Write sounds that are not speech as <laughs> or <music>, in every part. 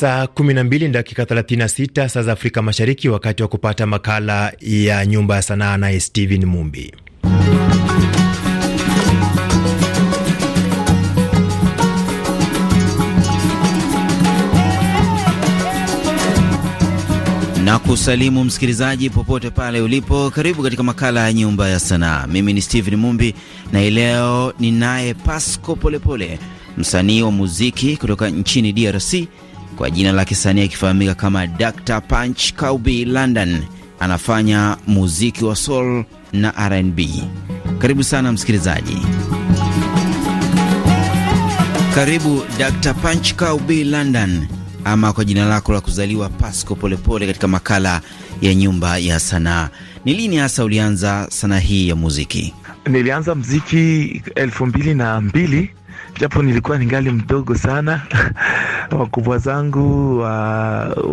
Saa 12 dakika 36 saa za Afrika Mashariki, wakati wa kupata makala ya nyumba ya sanaa naye Steven Mumbi. na kusalimu msikilizaji popote pale ulipo, karibu katika makala ya nyumba ya sanaa. Mimi ni Steven Mumbi na leo ninaye Pasco Polepole, msanii wa muziki kutoka nchini DRC kwa jina la kisanii akifahamika kama Dr Punch Kaubi London. Anafanya muziki wa soul na RnB. Karibu sana msikilizaji. Karibu Dr Punch Kaubi London, ama kwa jina lako la kuzaliwa Pasco Polepole, katika makala ya Nyumba ya Sanaa. Ni lini hasa ulianza sanaa hii ya muziki? Nilianza mziki elfu mbili na mbili japo nilikuwa ningali mdogo sana <laughs> wakubwa zangu wa,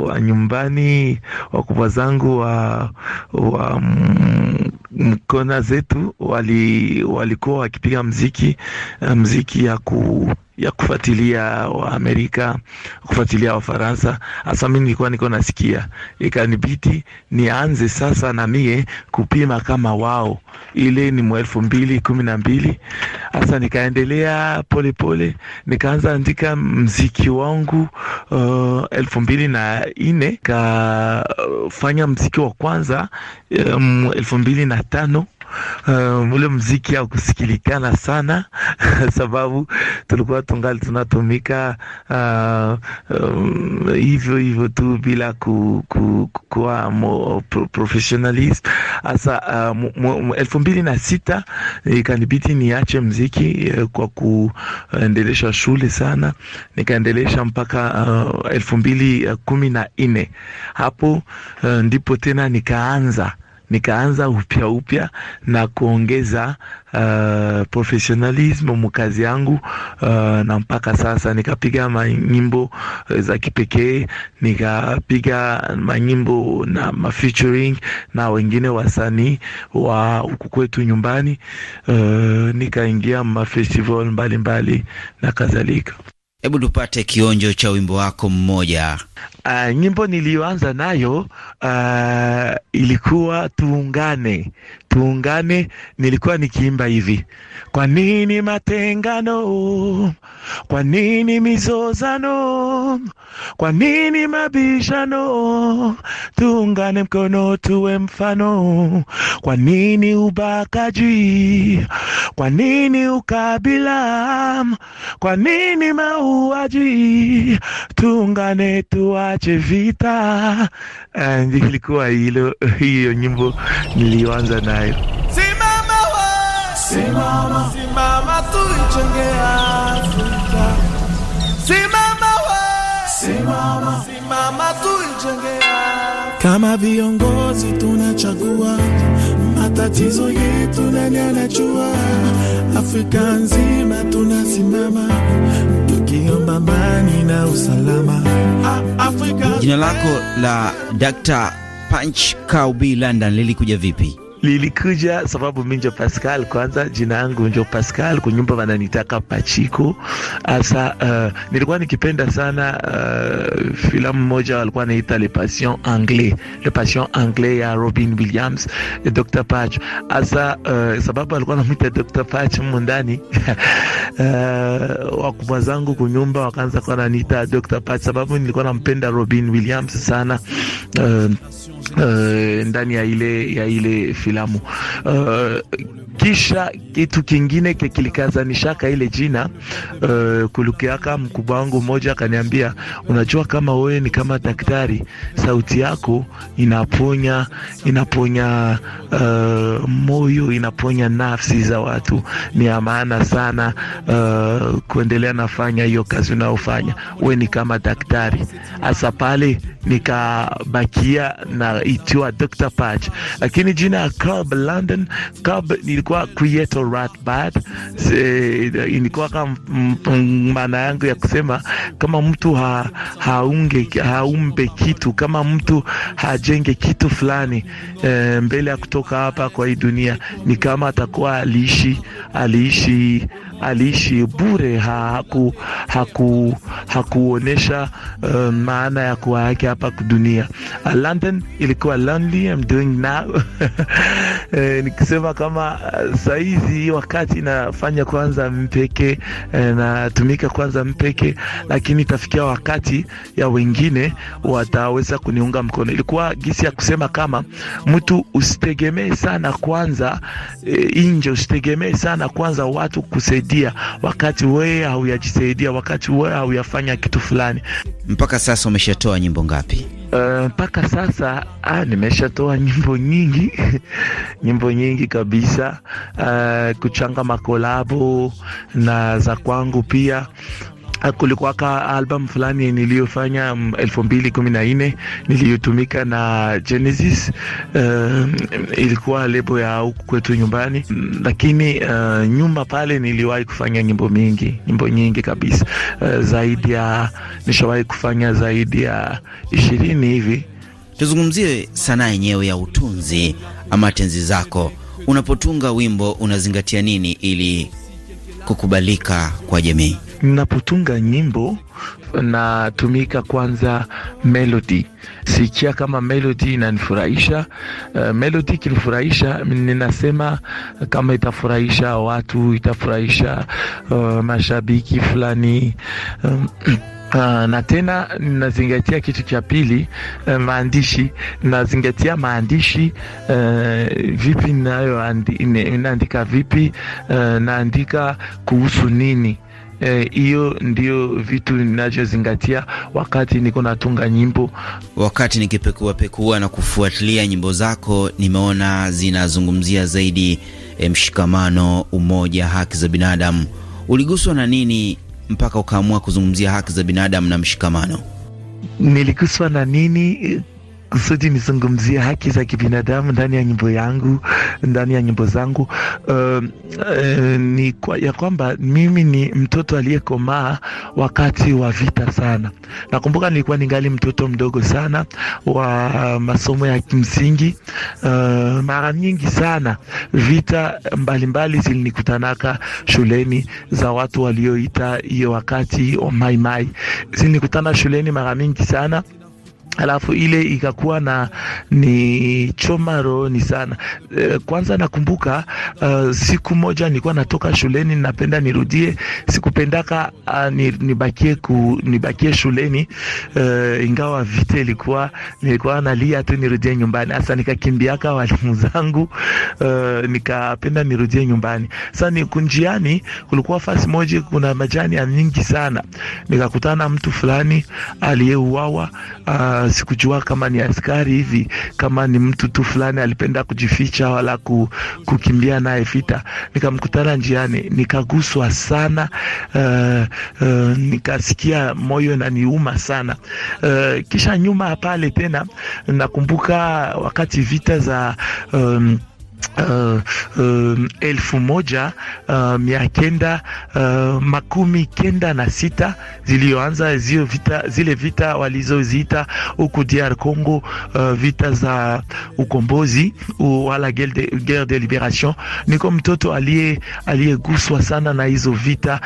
wa nyumbani, wakubwa zangu wa, wa mkona mm, zetu walikuwa wali wakipiga mziki eh, mziki ya ku ya kufuatilia wa amerika kufuatilia Wafaransa. Hasa mi nilikuwa niko nasikia, ikanibidi nianze sasa na mie kupima kama wao. Ile ni mwelfu mbili kumi na mbili. Hasa nikaendelea polepole, nikaanza andika mziki wangu uh, elfu mbili na nne kafanya mziki wa kwanza um, elfu mbili na tano uh, ule mziki kusikilikana sana <laughs> sababu tulikuwa tungali tunatumika uh, um, hivyo hivyo tu bila ku, ku, kuwa mo, pro, hasa uh, elfu mbili na sita ikanibidi niache mziki kwa kuendelesha shule sana, nikaendelesha mpaka uh, elfu mbili kumi na nne hapo uh, ndipo tena nikaanza nikaanza upya upya na kuongeza uh, professionalism kazi yangu uh, na mpaka sasa nikapiga manyimbo uh, za kipekee, nikapiga manyimbo na mafeaturing na wengine wasanii wa huku kwetu nyumbani uh, nikaingia mafestival mbalimbali na kadhalika. Hebu tupate kionjo cha wimbo wako mmoja. Uh, nyimbo niliyoanza nayo uh, ilikuwa tuungane, tuungane. Nilikuwa nikiimba hivi: kwa nini matengano, kwa nini mizozano, kwa nini mabishano? Tuungane mkono, tuwe mfano. Kwa nini ubakaji, kwa nini ukabila, kwa nini mau mauaji, tuungane tuache vita. Ndio ilikuwa hilo, hiyo nyimbo niliyoanza nayo. Simama we, simama, simama tuichenge Afrika. Simama we, simama, simama tuichenge. Kama viongozi tunachagua matatizo yetu, nani anajua? Afrika nzima tunasimama tukiomba amani na usalama. Jina lako la Dr. Punch Kaubi London lilikuja vipi? lilikuja sababu mi njo Pascal. Kwanza jina yangu njo Pascal, kunyumba wananitaka Pachiko. Asa uh, nilikuwa nikipenda sana uh, filamu moja walikuwa naita Le Patient Anglais, Le Patient Anglais ya Robin Williams, eh, Dr Patch. Asa uh, sababu alikuwa namwita Dr Patch mundani uh, <laughs> wakubwa zangu kunyumba wakaanza kuwa naniita Dr Patch sababu nilikuwa nampenda Robin Williams sana uh, Eh, ndani ya ile, ya ile filamu uh, kisha kitu kingine kilikazanishaka ile jina uh, eh, kulukiaka mkubwa wangu mmoja akaniambia, unajua kama wewe ni kama daktari, sauti yako inaponya inaponya uh, moyo inaponya nafsi za watu, ni ya maana sana uh, kuendelea nafanya hiyo kazi unayofanya wewe, ni kama daktari hasa pale. Nikabakia na itaitwa Dr Patch, lakini jina ya club London club ilikuwa Creator Ratbad. Ilikuwa kama maana yangu ya kusema kama mtu ha, haunge, haumbe kitu kama mtu hajenge kitu fulani e, mbele ya kutoka hapa kwa hii dunia, ni kama atakuwa aliishi aliishi aliishi bure, haku, haku, hakuonesha uh, maana ya kuwa yake hapa dunia. Uh, London ilikuwa lonely, I'm doing now <laughs> eh, nikisema kama eh, saizi wakati nafanya kwanza mpeke eh, natumika kwanza mpeke, lakini itafikia wakati ya wengine wataweza kuniunga mkono. Ilikuwa gisi ya kusema kama mtu usitegemee sana kwanza eh, nje, usitegemee sana kwanza watu kusaidia kujisaidia wakati wewe hauyajisaidia, wakati wewe hauyafanya kitu fulani. Mpaka sasa umeshatoa nyimbo ngapi? Eh, mpaka uh, sasa ah, nimeshatoa nyimbo nyingi <laughs> nyimbo nyingi kabisa, uh, kuchanga makolabo na za kwangu pia Ah, kulikuwaka album fulani niliyofanya 2014 mm, niliyotumika na Genesis. Uh, ilikuwa lebo ya huku kwetu nyumbani, lakini uh, nyuma pale niliwahi kufanya nyimbo mingi, nyimbo nyingi kabisa uh, zaidi ya nishawahi kufanya zaidi ya ishirini hivi. Tuzungumzie sanaa yenyewe ya utunzi ama tenzi zako. Unapotunga wimbo unazingatia nini ili kukubalika kwa jamii? Ninapotunga nyimbo natumika kwanza melody, sikia kama melody inanifurahisha. Uh, melody ikinifurahisha ninasema kama itafurahisha watu, itafurahisha uh, mashabiki fulani um, Uh, <clears throat> na tena nazingatia kitu cha pili, uh, maandishi. Nazingatia maandishi uh, vipi nayo inaandika vipi uh, naandika kuhusu nini Eh, hiyo eh, ndio vitu ninachozingatia wakati niko natunga nyimbo. Wakati nikipekua pekua na kufuatilia nyimbo zako, nimeona zinazungumzia zaidi eh, mshikamano, umoja, haki za binadamu. Uliguswa na nini mpaka ukaamua kuzungumzia haki za binadamu na mshikamano? Niliguswa na nini kusudi nizungumzie haki za kibinadamu ndani ya nyimbo yangu, ndani ya nyimbo zangu. Uh, uh, ni kwa, ya kwamba mimi ni mtoto aliyekomaa wakati wa vita sana. Nakumbuka nilikuwa ningali mtoto mdogo sana wa masomo ya kimsingi. Uh, mara nyingi sana vita mbalimbali zilinikutanaka shuleni za watu walioita hiyo wakati wa maimai, zilinikutana shuleni mara mingi sana alafu ile ikakuwa na ni choma rohoni sana. E, kwanza nakumbuka uh, siku moja nilikuwa natoka shuleni, napenda nirudie, sikupendaka uh, nibakie ku, nibakie shuleni uh, ingawa vita ilikuwa nilikuwa nalia tu nirudie nyumbani. Sasa nikakimbiaka walimu zangu uh, nikapenda nirudie nyumbani. Sasa ni kunjiani, kulikuwa fasi moja kuna majani ya nyingi sana, nikakutana mtu fulani aliyeuawa uh, sikujua kama ni askari hivi, kama ni mtu tu fulani alipenda kujificha wala ku, kukimbia naye vita. Nikamkutana njiani, nikaguswa sana uh, uh, nikasikia moyo na niuma sana uh, kisha nyuma pale tena nakumbuka wakati vita za um, Uh, uh, elfu moja uh, mia kenda uh, makumi kenda na sita zilioanza zio vita, zile vita walizoziita huku DR Congo uh, vita za ukombozi wala guerre de liberation. Niko mtoto aliye aliyeguswa sana na hizo vita,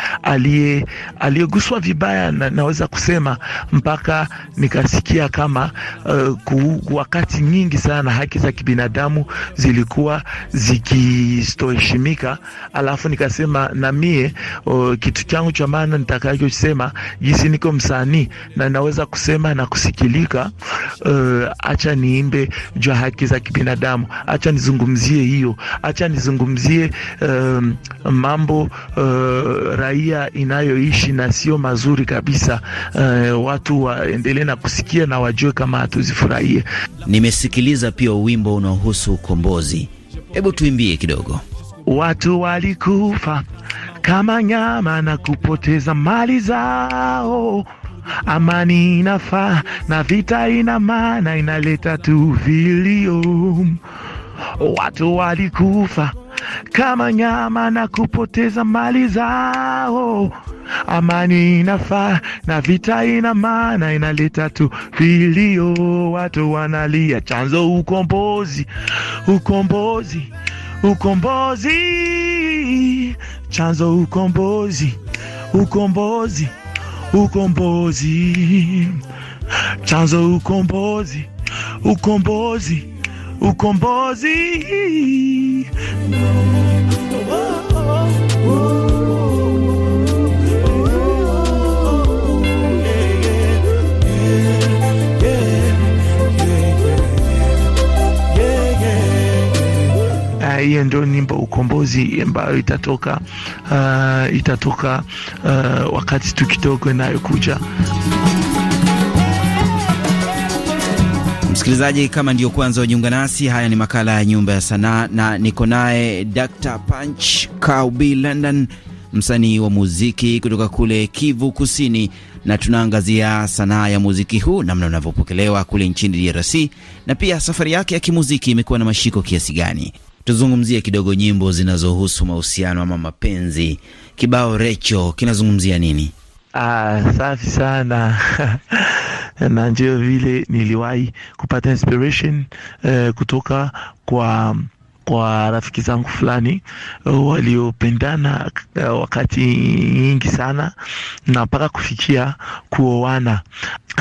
aliyeguswa vibaya na, naweza kusema mpaka nikasikia kama uh, ku, wakati nyingi sana haki za kibinadamu zilikuwa zikistoheshimika, alafu nikasema na mie o, kitu changu cha maana nitakachosema, jinsi niko msanii na naweza kusema na kusikilika, acha niimbe jua haki za kibinadamu, acha nizungumzie hiyo, acha nizungumzie um, mambo uh, raia inayoishi na sio mazuri kabisa. Uh, watu waendelee na kusikia na wajue kama hatuzifurahie. Nimesikiliza pia wimbo unaohusu ukombozi Hebu tuimbie kidogo. Watu walikufa kama nyama na kupoteza mali zao. Amani inafaa na vita ina maana inaleta tu vilio. Watu walikufa kama nyama na kupoteza mali zao. Amani inafaa na vita ina maana, inaleta tu vilio, watu wanalia, chanzo ukombozi, ukombozi, ukombozi, chanzo ukombozi, ukombozi, ukombozi, chanzo ukombozi, ukombozi ukombozi. Ah, hiyo ndio nyimbo ukombozi ambayo itatoka, uh, itatoka uh, wakati tu kidogo inayokuja. Msikilizaji, kama ndiyo kwanza wajiunga nasi, haya ni makala ya Nyumba ya Sanaa na niko naye Dr Punch Kaubi London, msanii wa muziki kutoka kule Kivu Kusini, na tunaangazia sanaa ya muziki huu, namna unavyopokelewa kule nchini DRC na pia safari yake ya kimuziki imekuwa na mashiko kiasi gani. Tuzungumzie kidogo nyimbo zinazohusu mahusiano ama mapenzi. Kibao Recho kinazungumzia nini? Ah, safi sana <laughs> na ndio vile niliwahi kupata inspiration eh, kutoka kwa kwa rafiki zangu fulani eh, waliopendana eh, wakati nyingi sana na mpaka kufikia kuoana.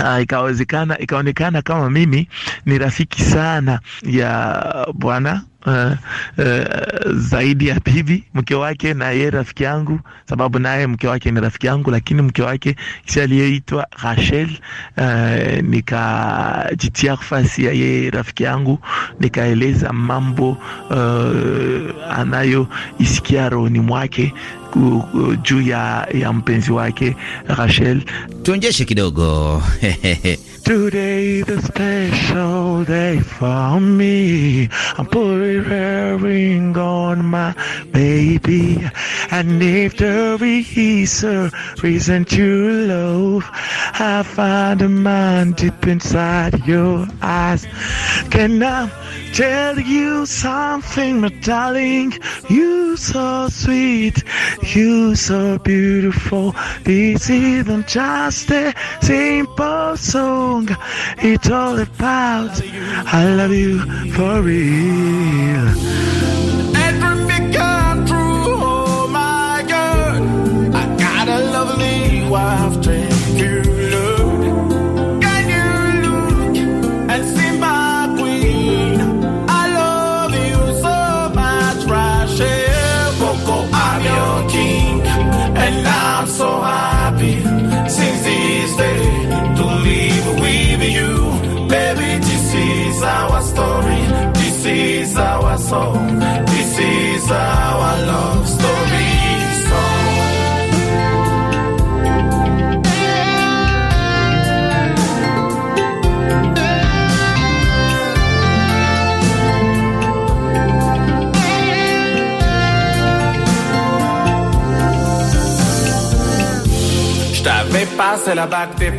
Uh, ikawezekana ikaonekana kama mimi ni rafiki sana ya Bwana uh, uh, zaidi ya bibi mke wake, na yeye rafiki yangu, sababu naye mke wake ni rafiki yangu, lakini mke wake si aliyeitwa Rachel. Uh, nikajitia fasi ya yeye rafiki yangu, nikaeleza mambo uh, anayoisikia rohoni mwake juu ya, ya mpenzi wake Rachel. Tuonjeshe kidogo <laughs> Today the special day for me. I'm putting a ring on my baby. And if there is a reason to love, I find a man deep inside your eyes. Can I tell you something, my darling? You so sweet, you so beautiful. This isn't just a simple song song. It's all about I love you for real.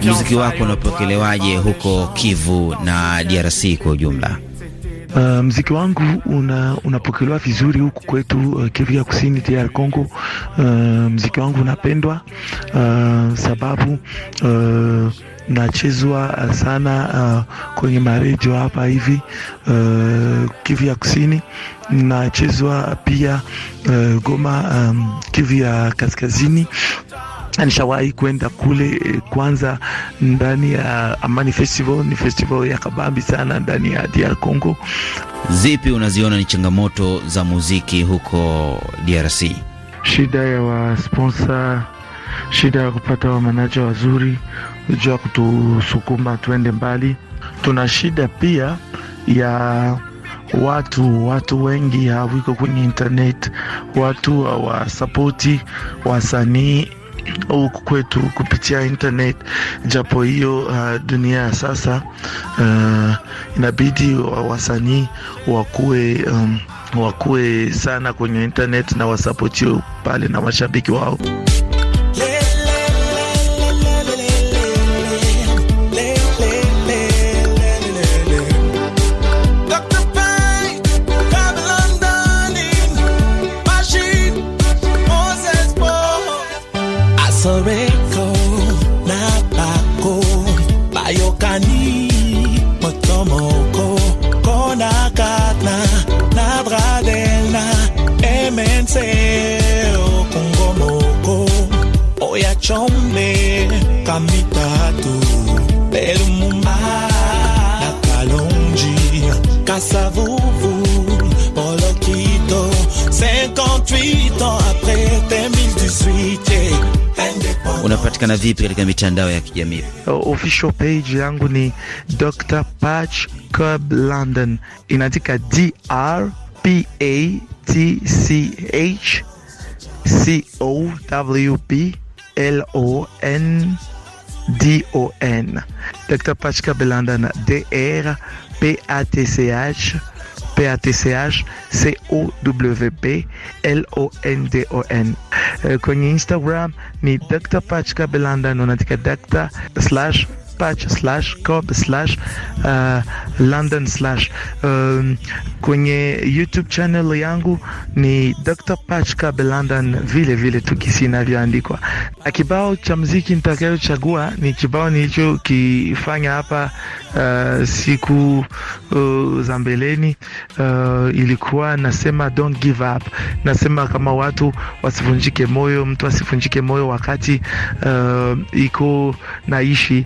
Muziki wako unapokelewaje huko Kivu na DRC kwa ujumla? Uh, mziki wangu una, unapokelewa vizuri huku kwetu uh, Kivu ya Kusini DR Congo. Uh, mziki wangu unapendwa uh, sababu uh, nachezwa uh, sana uh, kwenye marejo hapa hivi uh, Kivu ya Kusini nachezwa pia uh, Goma um, Kivu ya Kaskazini Nishawahi kwenda kule eh, kwanza, ndani ya Amani Festival. Ni festival ya kabambi sana ndani ya DR Congo. Zipi unaziona ni changamoto za muziki huko DRC? Shida ya wasponsa, shida ya kupata wamanaja wazuri juu ya kutusukuma tuende mbali. Tuna shida pia ya watu watu wengi hawiko kwenye internet, watu hawasapoti wasanii huku kwetu kupitia internet, japo hiyo uh, dunia ya sasa uh, inabidi wasanii wakuwe um, wakuwe sana kwenye internet na wasapotiwe pale na mashabiki wao. chombe kamitatu belumumba na kalonji kasavuvu polokito 58 ans après 2018 Unapatikana vipi katika mitandao ya kijamii? Official page yangu ni Dr Patch Cub London, inaandika D R P A T C H C O W P L-O-N-D-O-N. Dr. Pachka Belandan, D-R-P-A-T-C-H. P-A-T-C-H, C-O-W-P, L-O-N-D-O-N. Euh, Kwenye Instagram ni Dr. Pachka Belandana. Dr slash dispatch slash cop slash uh, london slash. um, Kwenye YouTube channel yangu ni Dr Patch Cab London, vile vile tukisi kisi inavyoandikwa. Na kibao cha mziki nitakayochagua ni kibao nilichokifanya hapa uh, siku uh, za mbeleni uh, ilikuwa nasema don't give up, nasema kama watu wasivunjike moyo, mtu asivunjike moyo wakati uh, iko naishi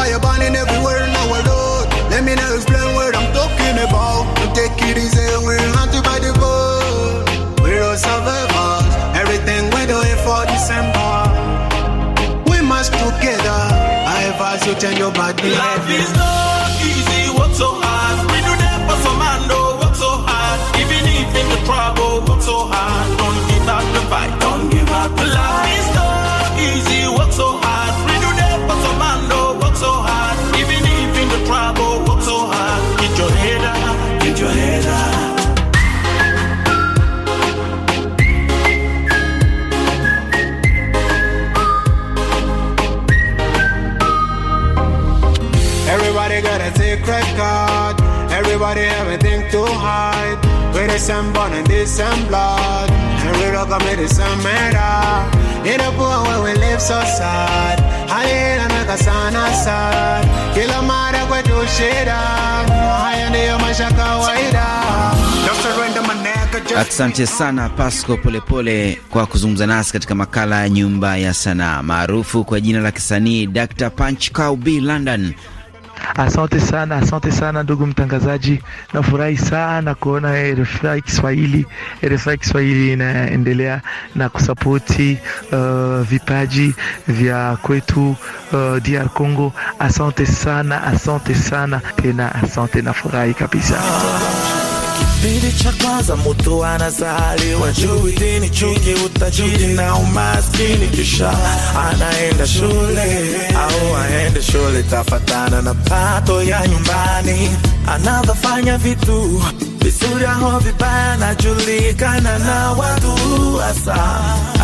Fire burning everywhere in our road. Let me now explain what I'm talking about. We take it easy, we're not by the boat. We're all survivors. Everything we are doing for December. We must together. I advise you change your body. Life is not easy. poor ninapoa we live so sad I haya naka sana sad kila mara kwetu shida haya ndiyo maisha kawaida Asante sana Pasco Polepole kwa kuzungumza nasi katika makala ya Nyumba ya Sanaa, maarufu kwa jina la kisanii Dr Punch Kowb London Asante sana, asante sana ndugu mtangazaji, nafurahi sana kuona RFI Kiswahili. RFI Kiswahili inaendelea na kusapoti uh, vipaji vya kwetu uh, DR Congo. Asante sana, asante sana tena, asante, nafurahi kabisa. Kipindi cha kwanza mutu anazaliwa jui dini, chuki, utajiri na umaskini, kisha anaenda shule au aende shule, tafatana na pato ya nyumbani anavyofanya vitu visura ho vibaya najulikana na watu hasa.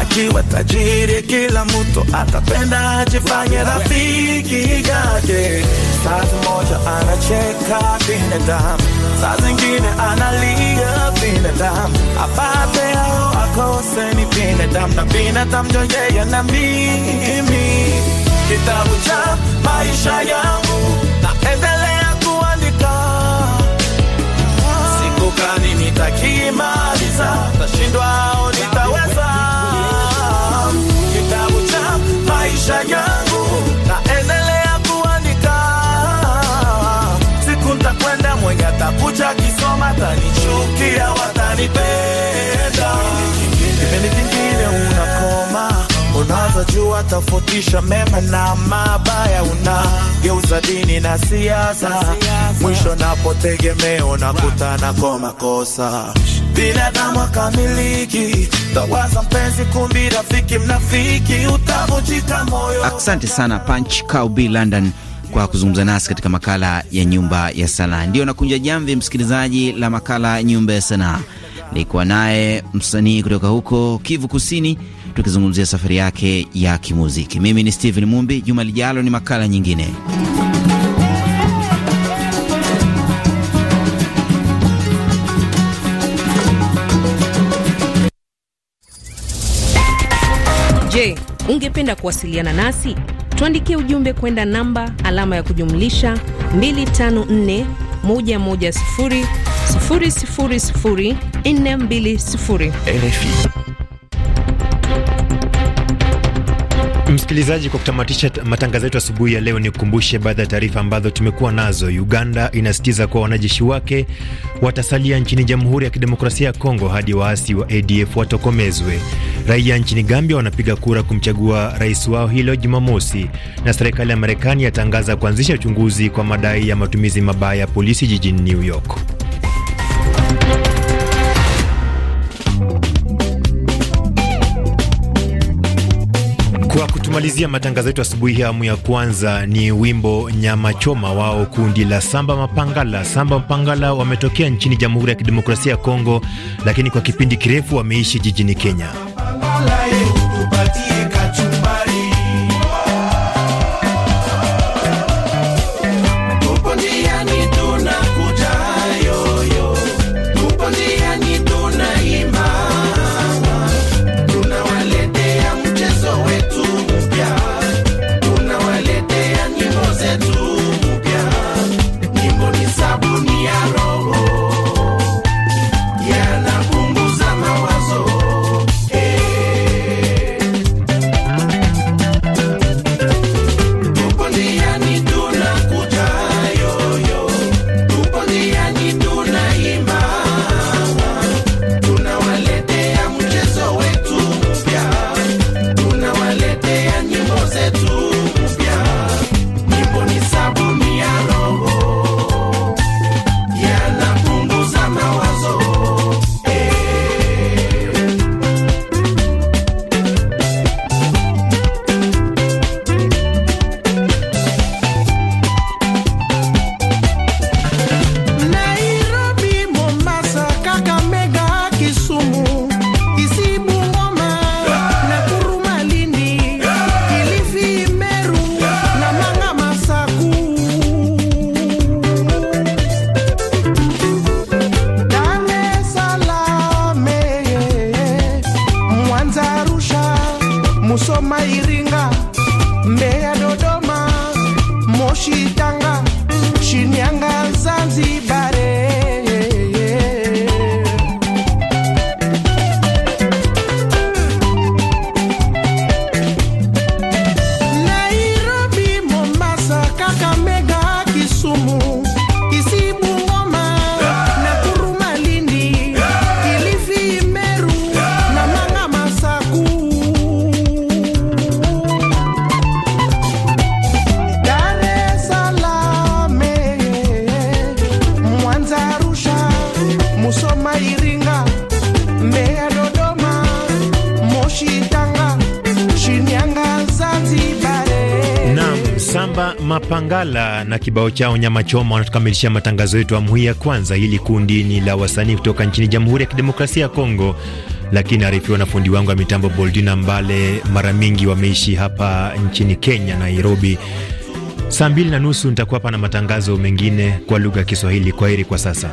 Akiwa tajiri kila mtu atapenda ajifanye rafiki yake. Saa moja anacheka binadamu, saa zingine analia binadamu, apate au akose ni binadamu, na binadamu ndio yeye na mimi. Kitabu cha maisha yangu naendelea nitakimaliza, tashindwa au nitaweza? Kitabu cha maisha yangu naendelea kuandika, siku ntakwenda, mwenye atakuja kisoma tanichukia, watanipenda, kipindi kingine unakoma unazojua tofautisha mema na mabaya, unageuza dini na siasa, mwisho napotegemea unakutana kwa makosa. Binadamu akamiliki tawaza mpenzi, kumbi rafiki mnafiki, utavunjika moyo. Asante sana Punch Kaubi London kwa kuzungumza nasi katika makala ya Nyumba ya Sanaa. Ndiyo nakunja jamvi, msikilizaji, la makala Nyumba ya Sanaa. Nilikuwa naye msanii kutoka huko Kivu Kusini, tukizungumzia safari yake ya kimuziki. Mimi ni Steven Mumbi. Juma lijalo ni makala nyingine. Je, ungependa kuwasiliana nasi? Tuandikie ujumbe kwenda namba alama ya kujumlisha 254 110 000 420. RFI Msikilizaji, kwa kutamatisha matangazo yetu asubuhi ya leo, ni kukumbushe baadhi ya taarifa ambazo tumekuwa nazo. Uganda inasisitiza kuwa wanajeshi wake watasalia nchini Jamhuri ya Kidemokrasia ya Kongo hadi waasi wa ADF watokomezwe. Raia nchini Gambia wanapiga kura kumchagua rais wao hilo Jumamosi, na serikali ya Marekani yatangaza kuanzisha uchunguzi kwa madai ya matumizi mabaya ya polisi jijini New York. Tumalizia matangazo yetu asubuhi hii. Awamu ya kwanza ni wimbo nyama choma wao kundi la Samba Mapangala. Samba Mapangala wametokea nchini Jamhuri ya Kidemokrasia ya Kongo, lakini kwa kipindi kirefu wameishi jijini Kenya. Pangala na kibao chao nyama choma wanatukamilishia matangazo yetu amhui ya kwanza. Hili kundi ni la wasanii kutoka nchini Jamhuri ya Kidemokrasia ya Kongo, lakini arifiwa na fundi wangu wa mitambo Boldina Mbale, mara mingi wameishi hapa nchini Kenya, Nairobi. Saa mbili na nusu nitakuwa hapa na matangazo mengine kwa lugha ya Kiswahili. kwa heri kwa sasa.